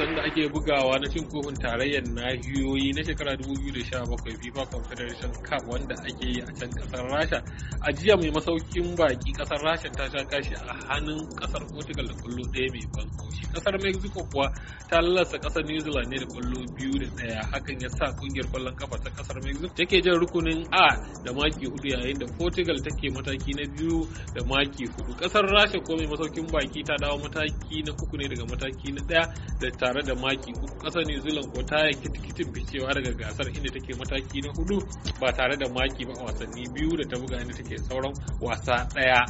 wasan da ake bugawa na cin kofin tarayyar nahiyoyi na shekara 2017 FIFA Confederation Cup wanda ake yi a can kasar Rasha. A jiya mai masaukin baki kasar Rasha ta sha kashi a hannun kasar Portugal da kullu ɗaya mai banko kasar mexico kuwa ta lalasa kasar new zealand ne da kwallo biyu da daya hakan ya sa kungiyar kwallon kafa ta kasar mexico take jan rukunin a da maki hudu yayin da portugal take mataki na biyu da maki hudu kasar rasha ko mai masaukin baki ta dawo mataki na uku ne daga mataki na daya da tare da maki uku kasar new zealand ko ta yi kitikitin ficewa daga gasar inda take mataki na hudu ba tare da maki ba a wasanni biyu da ta buga inda take sauran wasa daya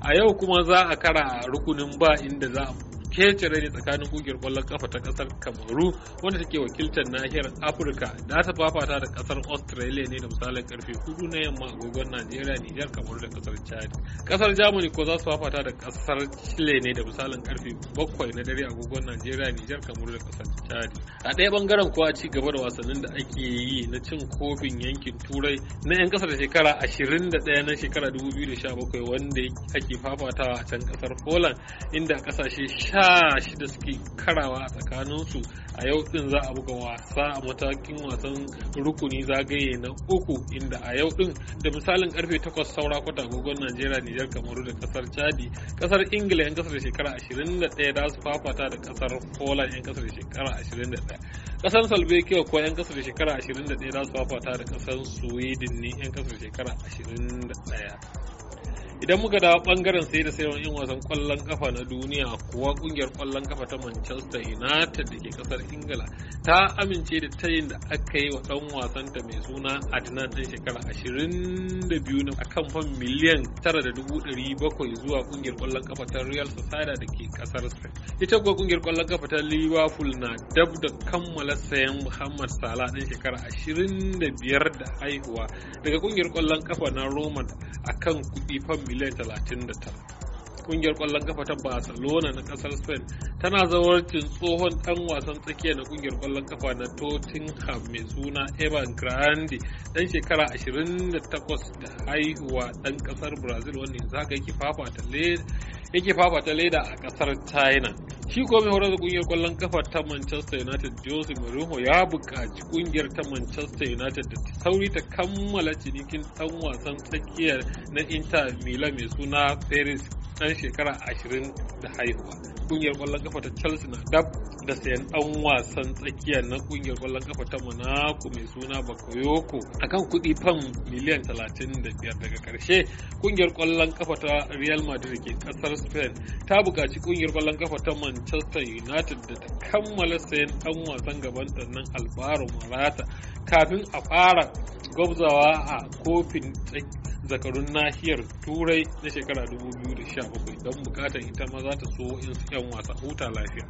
a yau kuma za a kara rukunin ba inda za a ketare ne tsakanin kungiyar kwallon kafa ta kasar kamaru wanda take wakiltar nahiyar afirka da ta fafata da kasar australia ne da misalin karfe hudu na yamma agogon najeriya nijar kamaru da kasar chad kasar germany ko za su fafata da kasar chile ne da misalin karfe bakwai na dare agogon najeriya nijar kamaru da kasar chad a ɗaya bangaren kuwa ci gaba da wasannin da ake yi na cin kofin yankin turai na 'yan kasar da shekara 21 na shekara 2017 wanda ake fafatawa a can kasar poland inda kasashe sha sha shida suke karawa a tsakaninsu a yau din za a buga wasa a matakin wasan rukuni zagaye na uku inda a yau din da misalin karfe 8 saura kwata agogon najeriya nijar kamaru da kasar chadi kasar ingila yan kasar shekara 21 da su fafata da kasar poland yan kasar shekara 21 kasar salbekiya ko yan kasar shekara 21 da su fafata da kasar sweden ne yan kasar shekara 21 idan muka dawo bangaren sai da sayan yan wasan kwallon kafa na duniya kuwa kungiyar kwallon kafa ta manchester united da ke kasar ingila ta amince da tayin da aka yi wa dan wasanta mai suna adnan ɗan shekara 22 na akan fan miliyan 9,700 zuwa kungiyar kwallon kafa ta real sociedad da ke kasar spain ita kuwa kungiyar kwallon kafa ta liverpool na dab da kammala sayan muhammad salah ɗan shekara 25 da haihuwa daga kungiyar kwallon kafa na roman akan kuɗi fan miliyan 39 kungiyar kwallon kafa ta barcelona na kasar spain tana zawarcin tsohon dan wasan tsakiya na kungiyar kwallon kafa na tottenham mai suna evan grande dan shekara 28 da haihuwa dan kasar brazil wanda yanzu haka yake fafata leda a kasar china shi ko mai horar da kungiyar kwallon kafa ta manchester united jose mourinho ya buƙaci kungiyar ta manchester united da sauri ta kammala cinikin dan wasan tsakiyar na inter milan mai suna paris dan shekara 20 da haihuwa kungiyar kwallon kafa ta chelsea na dab da sayan dan wasan tsakiya na kungiyar kwallon kafa ta monaco mai suna bakoyoko akan kuɗi fam miliyan 35 daga karshe kungiyar kwallon kafa ta real madrid ke kasar spain ta buƙaci kungiyar kwallon kafa ta man manchester united da ta kammala sayan dan wasan gaban nan Alvaro marata kafin a fara gwabzawa a kofin zakarun nahiyar turai na shekara 2017 don bukatar ita ma za ta so 'yan wasa huta lafiya.